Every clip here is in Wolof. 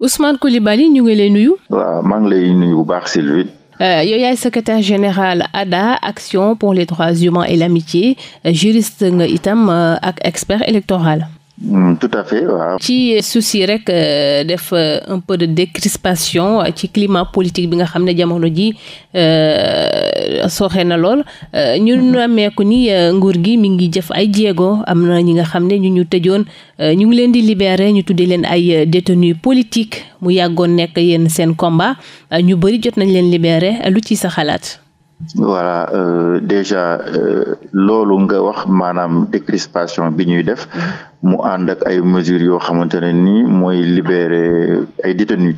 Ousmane Coulibaly ñu ngi lay nuyu. waaw maa ngi lay nuyu bu baax euh, secretaire général ADHA Action pour les droits humains et l'amitié juriste nga itam euh, ak expert électoral. Mm, tout à fait waaw. ci souci rek euh, def euh, un peu de décrispation euh, ci climat politique bi nga xam ne jamono ji sooxe na lool ñu mm-hmm. nameeku ni nguur gi mi ngi jëf ay jéego am na ñi nga xam ne ñu ñu tëjoon ñu ngi leen di libérer ñu tuddee leen ay détenus politique mu yàggoon nekk yéen seen combat ñu bëri jot nañ leen libérer lu ci sa xalaat. voilà euh, déjà euh, loolu nga wax maanaam décrispation bi ñuy def mu ànd ak ay mesures yoo xamante ne nii mooy libérer ay détenus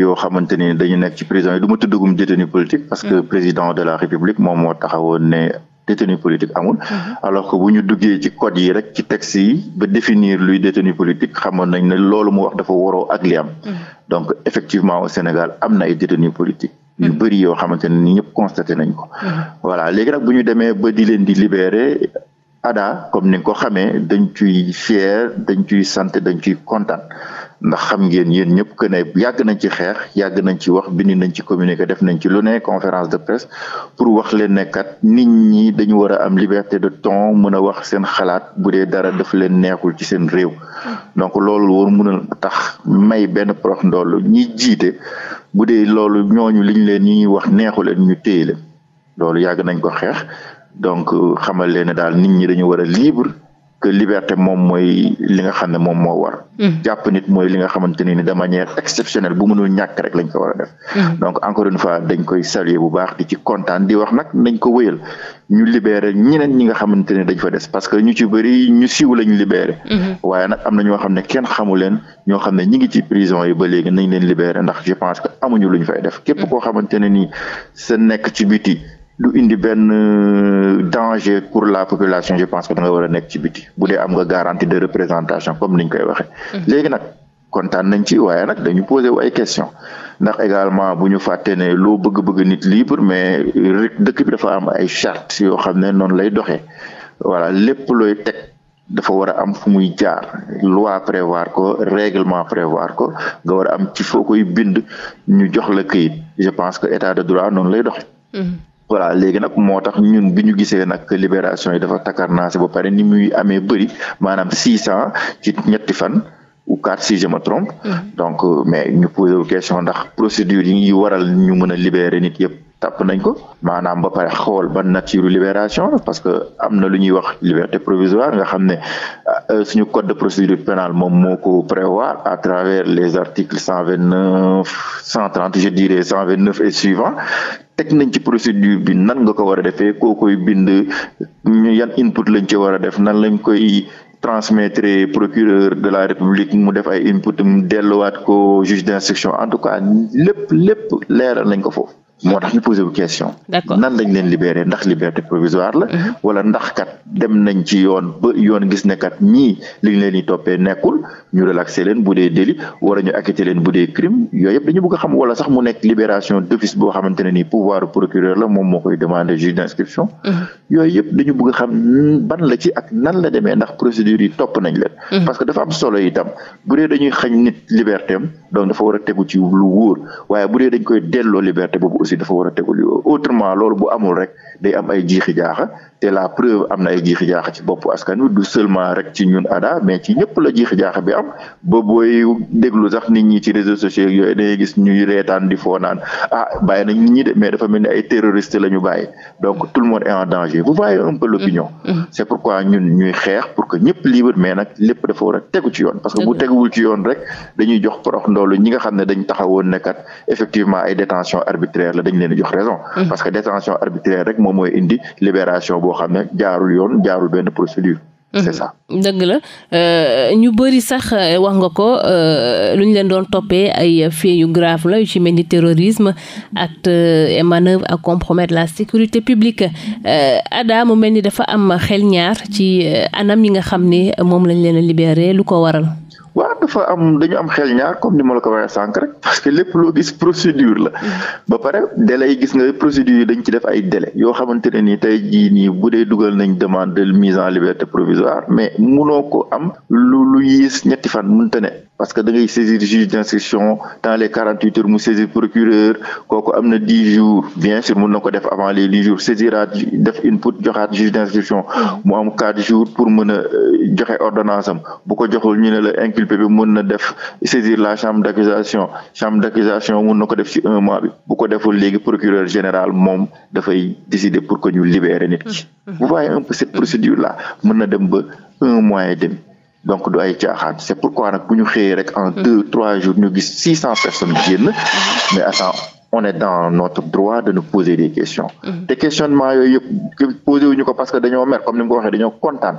yoo xamante ni dañu nekk ci prison yi du ma tuddagum détenu politique parce que président de la république moom moo taxawoon ne détenu politique amul alors que bu ñu duggee ci code yi rek ci texte yi ba définir luy détenu politique xamoon nañu ne loolu mu wax dafa waroo ak li mm-hmm. donc effectivement au Sénégal am na ay détenus politiques yu mm-hmm. bëri yoo xamante ne ni ñëpp constaté nañ ko. Mm-hmm. voilà léegi nag bu ñu demee ba di leen di libéré ada comme ni nga ko xamee dañ ciy fier dañ ciy sant dañ ciy kontaan. ndax xam ngeen yéen ñëpp que ne yàgg nañ ci xeex yàgg nañ ci wax bind nañ ci communiqué def nañ ci lu ne conférence de presse pour wax leen ne kat nit ñi dañu war a am liberté de ton mën a wax seen xalaat bu dee dara daf leen neexul ci seen réew. Mm-hmm. donc loolu war mun a tax may benn prox ndoll ñi jiite bu dee loolu ñooñu liñ leen ñi ñuy wax neexu leen ñu téye leen loolu yàgg nañ ko xeex donc xamal leen ne daal nit ñi dañu war a libre que liberté moom mooy li nga xam ne moom moo war. Mm. jàpp nit mooy li nga xamante ne ni de manière exceptionnelle bu mënul ñàkk rek lañ ko war a def. Mm. donc encore une fois dañ koy saluer bu baax di ci kontaan di wax nag nañ ko wéyal ñu libéré ñeneen ñi nga xamante ne dañ fa des parce que ñu ci bëri ñu siiw lañ libéré. Mm-hmm. waaye nag am na ñoo xam ne kenn xamu leen ñoo xam ne ñi ngi ci prison yi ba léegi nañ leen libéré ndax je pense que amuñu luñ fay def képp mm. koo xamante ne ni se nekk ci biti. du indi benn euh, danger pour la population je pense que da nga war a nekk ci biti bu dee am nga garantie de représentation comme niñ koy waxee. Mm-hmm. léegi nag kontaan nañ ci waaye nag dañu posé wu ay questions ndax également bu ñu fàtte ne loo bëgg-bëgg nit libre mais dëkk bi dafa am ay chartes yoo xam ne noonu lay doxee voilà lépp looy teg. dafa war a am fu muy jaar loi prévoir ko règlement prévoir ko nga war a am ci foo koy bind ñu jox la këyit je pense que état de droit noonu lay doxe mm-hmm. voilà léegi nag moo tax ñun bi ñu gisee nag libération yi dafa takkar naa si ba pare ni muy amee bëri maanaam six cent ci ñetti fan ou quatre si je tromp mm-hmm. donc euh, mais ñu posé question ndax procédure yi waral ñu mun a libérer nit yëpp. tàpp nañ ko maanaam ba pare xool ban nature libération parce que am na lu ñuy wax liberté provisoire nga xam ne euh, suñu code de procédure pénale moom moo ko prévoir à travers les articles cent vingt neuf cent trente je dirais cent vingt neuf et suivant teg nañ ci procédure bi nan nga ko war a defee koo koy bind yan input lañ ci war a def nan lañ koy transmettre procureur de la république mu def ay input mu delluwaat ko juge d'instruction en tout cas lépp lépp leeral nañ ko foofu moo tax ñu posé wu question. d'accord nan lañ leen libéré ndax liberté provisoire la. Mhm. wala ndax kat dem nañ ci yoon ba yoon gis ne kat ñii liñ leen di toppee nekkul ñu relaxé leen bu dee délit wala ñu acquitté leen bu dee crime yooyu yëpp dañu bëgg a xam sax mu nekk libération d'office boo xamante ne nii pouvoir procureur la moom moo koy demandé juge d'instruction. Mhm. yooyu yëpp dañu bëgg a xam ban la ci ak nan la demee ndax procédure yi topp nañ leen. Mhm. parce que dafa am solo itam bu dee dañuy xañ nit liberté donc dafa war a tegu ci lu wóor waaye bu dee dañ koy delloo liberté boobu aussi dafa war a tegu autrement loolu bu amul rek day am ay jiixi jaaxa te la preuve am na ay jiixi jaaxa ci bopp askan wi du ñun ada mais ci ñëpp la jiixi jaaxa bi am ba booy sax nit ñi ci réseaux sociaux yooyu dañuy gis ñuy reetaan di foo naan ah bàyyi nañ nit ñi de mais dafa mel ay terroriste la ñu bàyyi donc tout le monde est en danger vous voyez un peu l'opinion mm, mm. c'est pourquoi ñun ñuy xeex pour que ñëpp libre mais nag lépp dafa war a tegu ci yoon parce que bu teguwul ci yoon rek dañuy jox porox ndoolu ñi nga xam ne dañ taxawoon ne kat effectivement ay la dañ leen jox raison mm. parce que détention arbitraire rek moom boo xam ne jaarul yoon jaarul benn procédure. Mhm. c'est ça. dëgg la euh, ñu bëri sax euh, wax nga ko euh, lu ñu leen doon toppee ay faits yu grave la yu ci mel ni terrorisme acte et manœuvre à compromettre la sécurité publique Adda mu mel ni dafa am xel ñaar ci anam yi nga xam ni moom lañ leen a libéré lu ko waral. waaw dafa am dañu am xel ñaar comme ni ma la ko waxee sànq rek parce que lépp loo gis procédure la mm-hmm. ba pare délai yi gis nga procédure yi dañ ci def ay délai yoo xamante ne ni tey jii nii bu dee dugal nañ demande de mise en liberté provisoire mais munoo ko am lu lu yées ñetti fan mënta ne parce que da ngay saisir juge d'instruction dans les quarante huit heures mu saisir procureur kooku am na dix jours bien sûr mun na ko def avant les dix jours saisiraat def une pour joxaat juge d'instruction mu am quatre jours pour mën a euh, joxe ordonnance am bu ko joxul ñu ne la inculpé bi mun na def saisir la chambre d'accusation chambre d'accusation mun na ko def ci un mois bi bu ko deful léegi procureur général moom dafay décider pour que ñu libérer nit ki mm-hmm. vous voyez un peu cette procédure dem ba un mois et donc du ay caaxaan c'est pourquoi nag bu ñu xëyee rek en mm. deux trois jours ñu gis six cent personnes génn mm. mais attends on est dans notre droit de nous poser des questions mm. te questionnement yooyu yëpp posé wuñu ko parce que dañoo mer comme ni nga ko waxee dañoo kontaan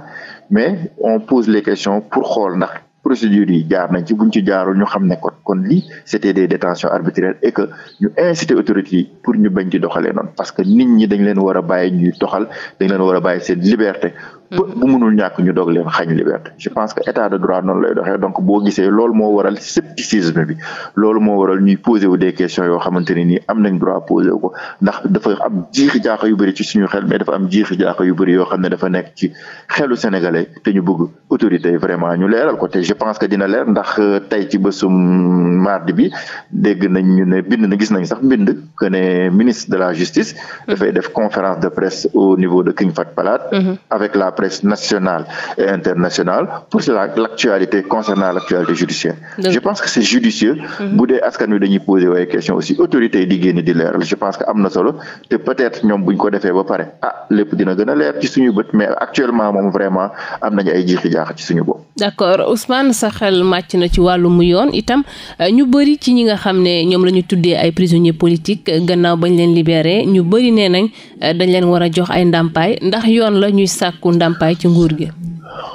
mais on pose les questions pour xool ndax procédures yi jaar nañ ci buñ ci jaarul ñu xam ne kon kon lii c'était des détentions arbitraires et que ñu inciter autorités yi pour ñu bañ ci doxalee noonu parce que nit ñi dañ leen war a bàyyi ñuy doxal dañ leen war a bàyyi seen liberté bu mënul ñàkk ñu doog leen xañ liberté je pense que état de droit noonu lay doxee donc boo gisee loolu moo waral scepticisme bi loolu moo waral ñuy posé wu des questions yoo xamante ne nii am nañ droit posé wu ko ndax dafa am jiixi jaaxa yu bëri ci suñu xel mais dafa am jiixi jaaxa yu bëri yoo xam ne dafa nekk ci xelu sénégalais te ñu bugg autorité yi vraiment ñu leeral ko te je pense que dina leer ndax euh, tey ci bésum mardi bi dégg nañ ñu ne bind na gis nañ sax bind que ne ministre de la justice mmh. dafay def conférence de presse au niveau de King Fahd Palace mmh. presse nationale et internationale pour la l'actualité concernant l'actualité judiciaire je pense que c'est judicieux mhm. bu dee askan wi dañuy poser waaye question aussi autorités di génn di leeral je pense que am na solo te peut-être ñoom buñ ko defee ba pare ah lépp dina gën a leer ci suñu bët mais actuellement moom vraiment am nañu ay jiixi jaax ci suñu bopp. d'accord Ousmane sa xel màcc na ci wàllum yoon itam euh, ñu bëri ci ñi nga xam ne ñoom la ñu euh, euh, a jox ndàmpaay ci nguur gi.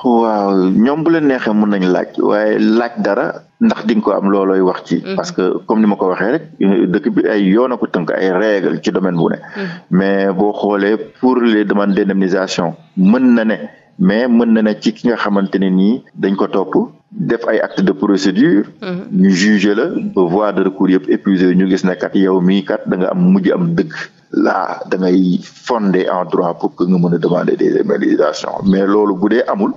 waaw ñoom bu leen neexee mun nañ laaj waaye laaj dara ndax di nga ko am loolooy wax ci. Mm-hmm. parce que comme ni ma ko waxee rek euh, dëkk bi ay yoon a ko tënk ay règle ci domaine bu ne. Mm-hmm. mais boo xoolee pour les demandes d'indemnisation mën na ne mais mën na ne ci ki nga xamante ne nii dañ ko topp. def ay acte de procédure. Mm-hmm. ñu juger la ba voie de recours yëpp épuisé ñu gis ne kat yow mii kat da nga am mujj am dëkk la da ngay fondé en droit pour que nga mën a demander des indemnisations mais loolu bu dee amul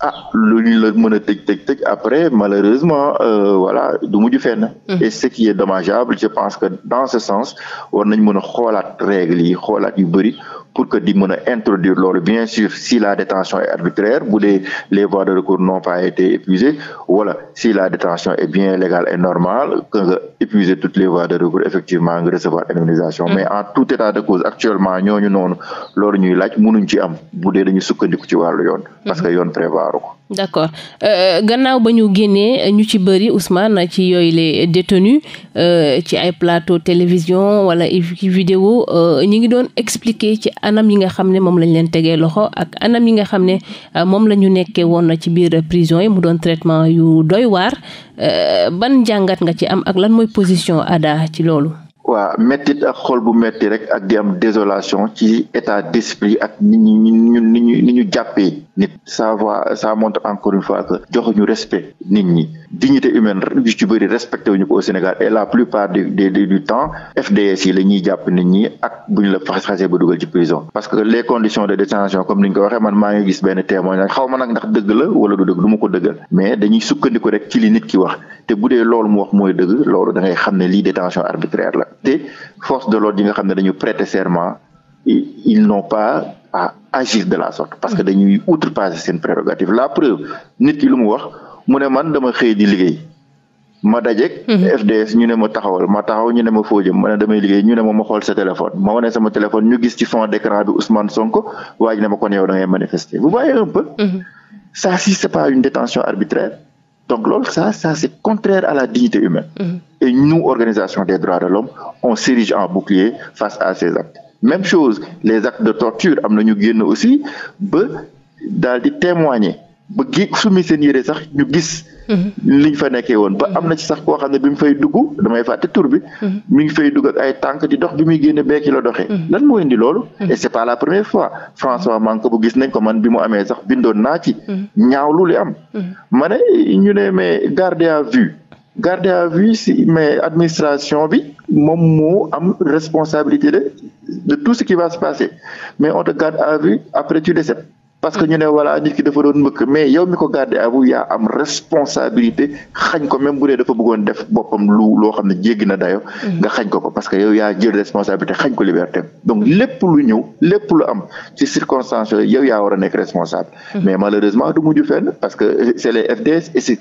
ah lu ñu la mën a tëj tëj tëj après malheureusement euh, voilà du mujj fenn. Mm-hmm. et ce qui est dommageable je pense que dans ce sens war nañ mën a xoolaat règles yi xoolaat yu bëri. pour que di mën a introduire loolu bien sûr si la détention est arbitraire bu dee les voies de recours n'ont pas été épuisées voilà si la détention est bien légale et normale que nga épuiser toutes les voies de recours effectivement recevoir indemnisation mm. mais en tout état de cause actuellement ñooñu noonu loolu ñuy laaj mënuñ ci am bu dee dañu sukkandiku ci wàllu yoon parce mm-hmm. que yoon prévoir ko d' accord euh, gannaaw ba ñu génnee ñu ci bëri Ousmane ci yooyu le détenus euh, ci ay plateau télévision wala ci vidéo euh, ñi ngi doon expliquer ci anam yi nga xam ne moom lañ leen tegee loxo ak anam yi nga xam ne euh, moom la ñu nekkee woon na ci biir prison yi mu doon traitement yu doy waar euh, ban jàngat nga ci am ak lan mooy position ADHA ci loolu. waaw mettit ak xol bu metti rek ak di am désolation ci état d'esprit ak ni ñu ñu ni ñu ni jàppee nit ça va ça montre encore une fois que joxuñu respect nit ñi dignité humaine yu ci bëri respecté ko au Sénégal et la plupart du du du temps FDS yi la jàpp nit ñi ak bu ñu la xasee ba dugal ci prison parce que les conditions de détention comme ni ñu ko waxee man maa ngi gis benn témoin nag xaw ma nag ndax dëgg la wala du dëgg du ma ko dëggal mais dañuy sukkandiku rek ci li nit ki wax te bu dee loolu mu wax mooy dëgg loolu da ngay xam ne lii détention arbitraire la te force de l'ordre yi nga xam ne dañu prêter serment ils n'ont pas à agir de la sorte parce que dañuy outrepasser seen prérogative la preuve nit ki lu mu wax mu ne man dama xëy di liggéey ma dajeek mhm. FDS ñu ne ma taxawal ma taxaw ñu ne ma foo jëm ma ne damay liggéey ñu ne ma a xool sa téléphone ma wane sama téléphone ñu gis ci fond d'écran bi Ousmane Sonko waa ji ne ma kon yow da ngay manifester vous voyez un peu mhm. donc loolu ça ça c'est contraire à la dignité humaine mm-hmm. et nous organisation des droits de l'homme on s'érige en bouclier face à ces actes même chose les actes de torture am na ñu génn aussi ba daal di témoigner ba gi sumi seen sax ñu gis Mm-hmm. liñ fa nekkee woon ba am na ci sax koo xam ne bi mu fay dugg damay fàtte tur bi mm-hmm. mi ngi fay dugg ak ay tànk di dox bi muy génne beeki la doxee mm-hmm. lan moo indi loolu et c'est pas la première fois François Manko bu gis nañ ko man bi mu amee sax bindoon naa ci ñaawlu li am ma ne ñu ne mais garde à vue garde à vue si mais administration bi moom moo am responsabilité de tout ce qui va se passer mais on te garde à vue après tu décèdes parce que ñu ne wala nit ki dafa doon mbëkk mais yow mi ko gardé à vue yaa am responsabilité xañ ko même bu dee dafa bëggoon def boppam lu loo xam ne jéggi na dayo mm-hmm. nga xañ ko ko parce que yow yaa jël responsabilité xañ ko liberté donc lépp lu ñëw lépp lu am ci circonstance yooyu yow yaa war a nekk responsable mm-hmm. mais malheureusement du mujju fenn parce que c'est les FDS et ce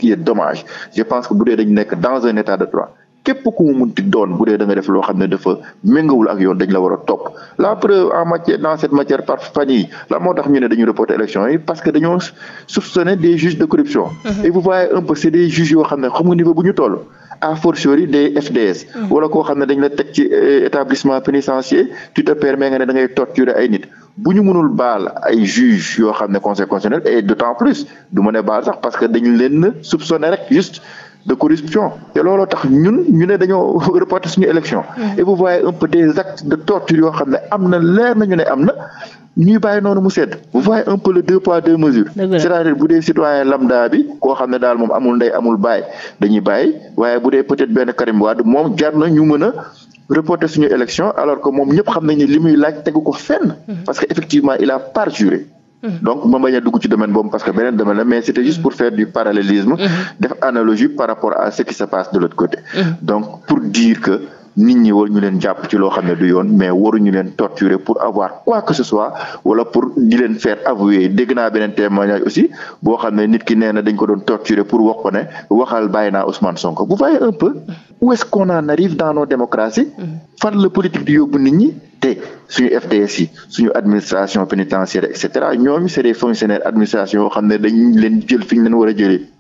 je pense que bu dee dañu nekk dans un état de droit képp ku mu munti doon bu dee da def loo xam ne dafa méngawul ak yoon dañ la war a topp la preuve en matière dans cette matière par fan yii la moo tax ñu ne dañu reporter élection yi parce que dañoo soupçonné des juges de corruption mm-hmm. et vous voyez un peu c'est des juges ne xam nga niveau bu ñu toll à fortiori mm-hmm. koo xam ne dañ la teg ci euh, établissement pénitentiaire tu te permets nga ne da ngay ay nit bu ñu munul baal ay juge yoo xam ne conseil constitutionnel et d'autant plus du mën a baal sax parce que dañu leen soupçonné rek de corruption te looloo tax ñun ñu ne dañoo reporter suñu élection et vous voyez un peu des actes de torture yoo xam ne am na leer nañu ne am na ñuy bàyyi noonu mu sedd vous voyez un peu le deux poids deux mesures c'est-à-dire bu dee citoyen lambda bi koo xam ne daal moom amul ndey amul bàyyi dañuy bàyyi waaye bu dee peut-être benn Karim Wade moom jar na ñu mën a reporter suñu élection alors que moom ñëpp xam nañ ne li muy laaj tegu ko fenn mm-hmm. parce que effectivement il a parjuré Mhm. donc ma bañ a dugg ci domaine boobu parce que beneen domaine la mais c'était juste mhm. pour faire du parallélisme mhm. def analogie par rapport à ce qui se passe de l'autre côté donc pour dire que nit ñi war ñu leen jàpp ci loo xam ne du yoon mais waruñu leen torturer pour avoir quoi que ce soit wala pour di leen faire avouer dégg naa beneen témoignage aussi boo xam ne nit ki nee na dañ ko doon torturer pour wax ko waxal bàyyi naa Ousmane Sonko vous voyez un peu où est-ce qu'on en arrive dans mm-hmm. fan la politique di yóbbu nit ñi te suñu FDS yi suñu administration pénitentiaire et cetera ñooñu c'est des fonctionnaires administration yoo xam ne dañ leen jël fi ñu leen war a jëlee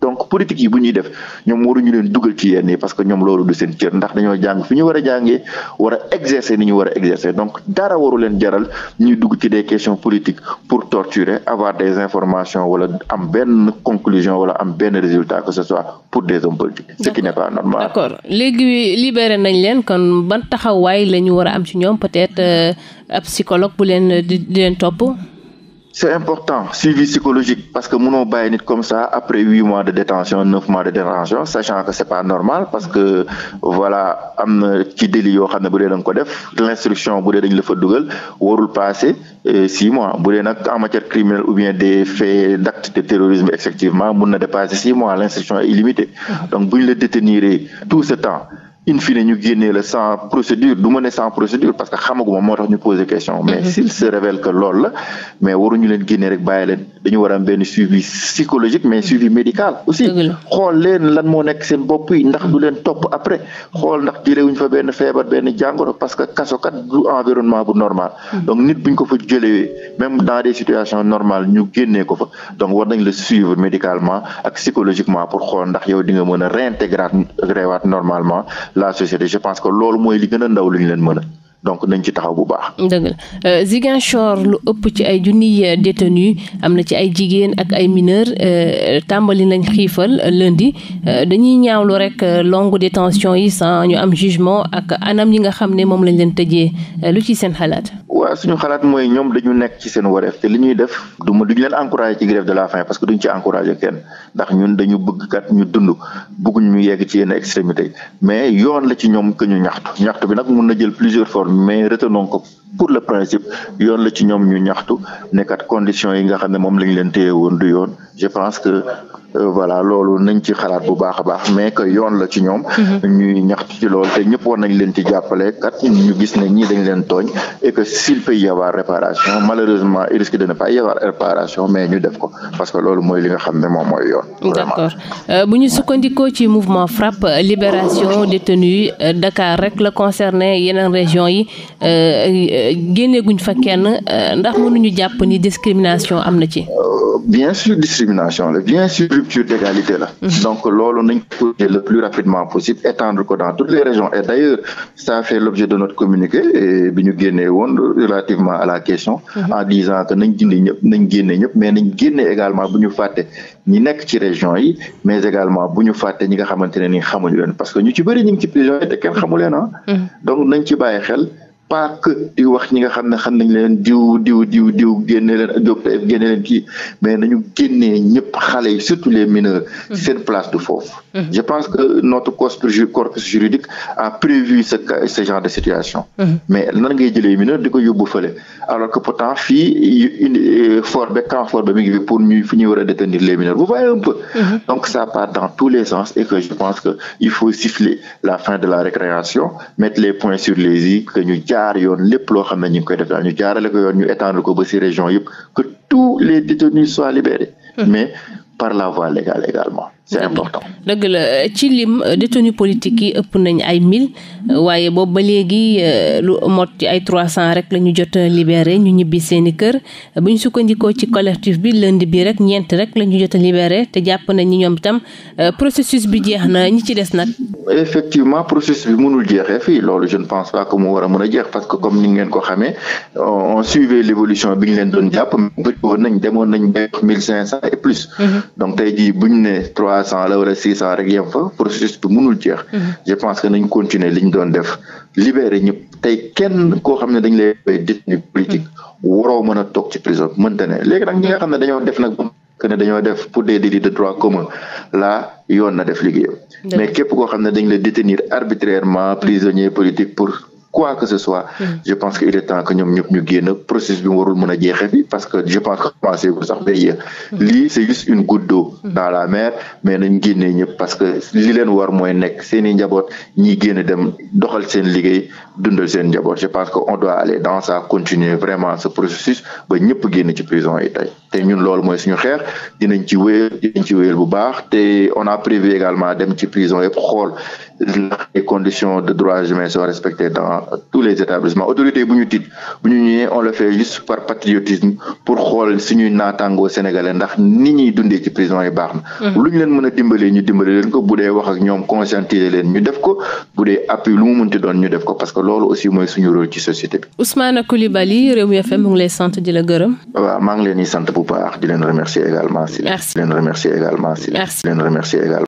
donc politique yi bu ñuy def ñoom waruñu leen dugal ci yenn yi parce que ñoom loolu du seen cër ndax dañoo jàng fi ñu war a jàngee war a exercer ni ñu war a exercer donc dara waru leen jaral ñuy dugg ci des questions politique pour torturer avoir des informations wala am benn conclusion wala am benn résultat que ce soit pour des hommes politiques ce qui n'est pas normal d'accord léegi libéré nañ leen kon ban taxawaay la ñu war a am ci ñoom peut-être euh, ab psychologue bu leen di leen topp c'est important suivi psychologique parce que muno bàyyi nit comme ça après huit mois de détention neuf mois de détention sachant que c'est pas normal parce que voilà am na ci délit yoo xam ne bu dee da ko def l'instruction bu dee dañ la fa dugal warul passer euh, six mois bu dee nag en matière criminelle ou bien des faits d'actes de terrorisme effectivement mun na dépasser six mois l'instruction est illimitée mm-hmm. donc bu ñu la détenir tout ce temps in ñu génnee la sans procédure du ma ne sans procédure parce que xamaguma moo tax ñu poser question mm-hmm. mais si se révèle que lool la mais waruñu leen génnee rek bàyyi leen dañu war am benn suivi psychologique mais suivi médical aussi xool leen lan moo nekk seen bopp yi ndax du leen topp après xool ndax jëlewuñ fa benn feebar benn jàngoro parce que kasokat du bu normal mm-hmm. donc nit buñ ko fa jëlewee même dans des situations normales ñu génnee ko fa donc war nañ la suivre médicalement ak psychologiquement pour xool ndax yow di nga mën a réintégrer réewaat normalement la société je pense que loolu mooy li gën a ndaw lu ñu leen mën donc nañ ci taxaw bu baax. dëgg la euh, lu ëpp ci ay junniy euh, détenus am na ci ay jigéen ak ay mineurs euh, tàmbali nañ xiifal lundi dañuy ñaawlu rek longue détention yi sans ñu am jugement ak anam yi nga xam ne moom lañ leen tëjee lu ci seen xalaat. waaw suñu xalaat mooy ñoom dañu nekk ci seen wareef te li ñuy def du ma duñu leen encouragé ci grève de la faim parce que duñ ci encouragé kenn ndax ñun dañu bëgg kat ñu dund bëgguñ ñu yegg ci yenn extrémité mais yoon la ci ñoom que ñu ñaxtu ñaxtu bi nag mun na jël plusieurs formes mais retenons ko pour le principe yoon la ci ñoom ñu ñaxtu nekkat conditions yi nga xam ne moom lañ leen téye woon du yoon je pense que Euh, voilà loolu nañ ci xalaat bu baax a baax mais que yoon la ci ñoom. Mhm. ñuy ñaxtu ci loolu te ñëpp war nañ leen ci jàppale kat ñu gis ne ñii dañ leen tooñ et que s'il peut y avoir réparation malheureusement il risque de ne pas y réparation mais ñu def ko parce que loolu mooy li nga xam ne moom mooy yoon. d'accord euh, bu ñu sukkandikoo ci mouvement FRAPP libération détenus euh, Dakar rek la concerné yeneen région yi génneeguñ fa kenn ndax mënuñu jàpp ni discrimination am na ci. bien sûr discrimination la bien sûr rupture d'égalité la mhm. donc loolu nañ ko le plus rapidement possible étendre ko dans toutes les régions et d'ailleurs ça fait l'objet de notre communiqué bi ñu génnee woon relativement à la question mhm. en disant que nañ dindi ñëpp nañ génne ñëpp mais nañ génne également bu ñu fàtte ñi nekk ci région yi mais également bu ñu fàtte ñi nga xamante ne ni xamuñu leen parce que ñu ci bëri ñu ngi ci prison yi te kenn xamu leen ah mhm. donc nañ ci xel pas que di wax ñi xam ne xam nañ leen diw diw diw diw génne leen ak jóg génne leen kii mais nañu génnee ñëpp xale yi surtout les mineurs mmh. seen place de foofu mmh. je pense que notre corpus juridique a prévu ce ce genre de situation mmh. mais nan ngay mineur di ko yóbbu fële alors que pourtant fii euh, fort ba camp fort ba mi ngi fi pour ñu fi ñuy war a détenir les mineurs vous voyez un peu donc ça part dans tous les sens et que je pense que il faut siffler la fin de la jaar yoon lépp loo xam ne ñu ngi koy def daal ñu jaarale ko yoon ñu étendre ko ba ci région yëpp que tous les détenus soient libérés. mais par la voie légale également. c'est important. dëgg la euh, ci lim euh, détenu politique yi ëpp nañ ay mil euh, waaye boobu ba léegi lu mot ci ay trois cent rek la ñu jot a ñu ñibbi seeni kër bu ñu sukkandikoo ci collectif bi lundi bi rek ñeent rek la ñu jot a libéré te jàpp nañ ñi ñoom itam processus bi jeex na ñi ci des nag. effectivement processus bi mënul jeexee fii loolu je ne pense pas que a mën a jeex comme ni ngeen ko xamee on suivait l'évolution bi ñu leen doon jàpp bëri woon nañ demoon nañ ba mille cinq cent et mhm. trois trois cent la wala six cent rek yem fa processus bi mënul jeex. Mhm. je pense que nañ continuer li doon def libéré ñëpp tey kenn koo xam ne dañ lay bay politique mhm. waroo mën a toog ci prison mënta ne léegi nag ne dañoo def nag que dañoo def pour des délits de droit commun la yoon na def liggéeyam mais képp koo xam ne dañ lay détenir arbitrairement prisonnier politique pour quoi que ce soit. Hmm. je pense que il est temps que ñoom ñëpp ñu génn processus bi warul mën a jeexee fi parce que je pense que commencé gu sax day yéex. Hmm. lii c'est juste une goutte hmm. dans la mer mais nañ génnee ñëpp parce que li leen war mooy nekk seen i njaboot ñiy génn dem doxal seen liggéey dundal seen njaboot je pense que on doit aller dans ça continuer vraiment ce processus ba ñëpp génn ci prison yi tey te ñun loolu mooy suñu xeex dinañ ci wéyal ci wéyal bu baax te on a prévu également dem ci prison yëpp xool. les conditions de droits humains sont respectées dans tous les établissements autorité bu ñu tiit bu ñu ñëwee on le fait juste par patriotisme pour xool suñuy naataangoo sénégalais ndax ni ñuy dundee ci yi baax na mm. lu ñu leen mën a dimbalee ñu dimbale leen ko bu dee wax ak ñoom conscientiser leen ñu def ko bu dee appui lu mu munti doon ñu def ko parce que loolu aussi mooy suñu rôle ci société bi Ousmane Coulibaly Rewmi FM mu ngi lay sant di la gërëm waaw maa leen di sant bu baax di leen remercier également si leen leen remercier également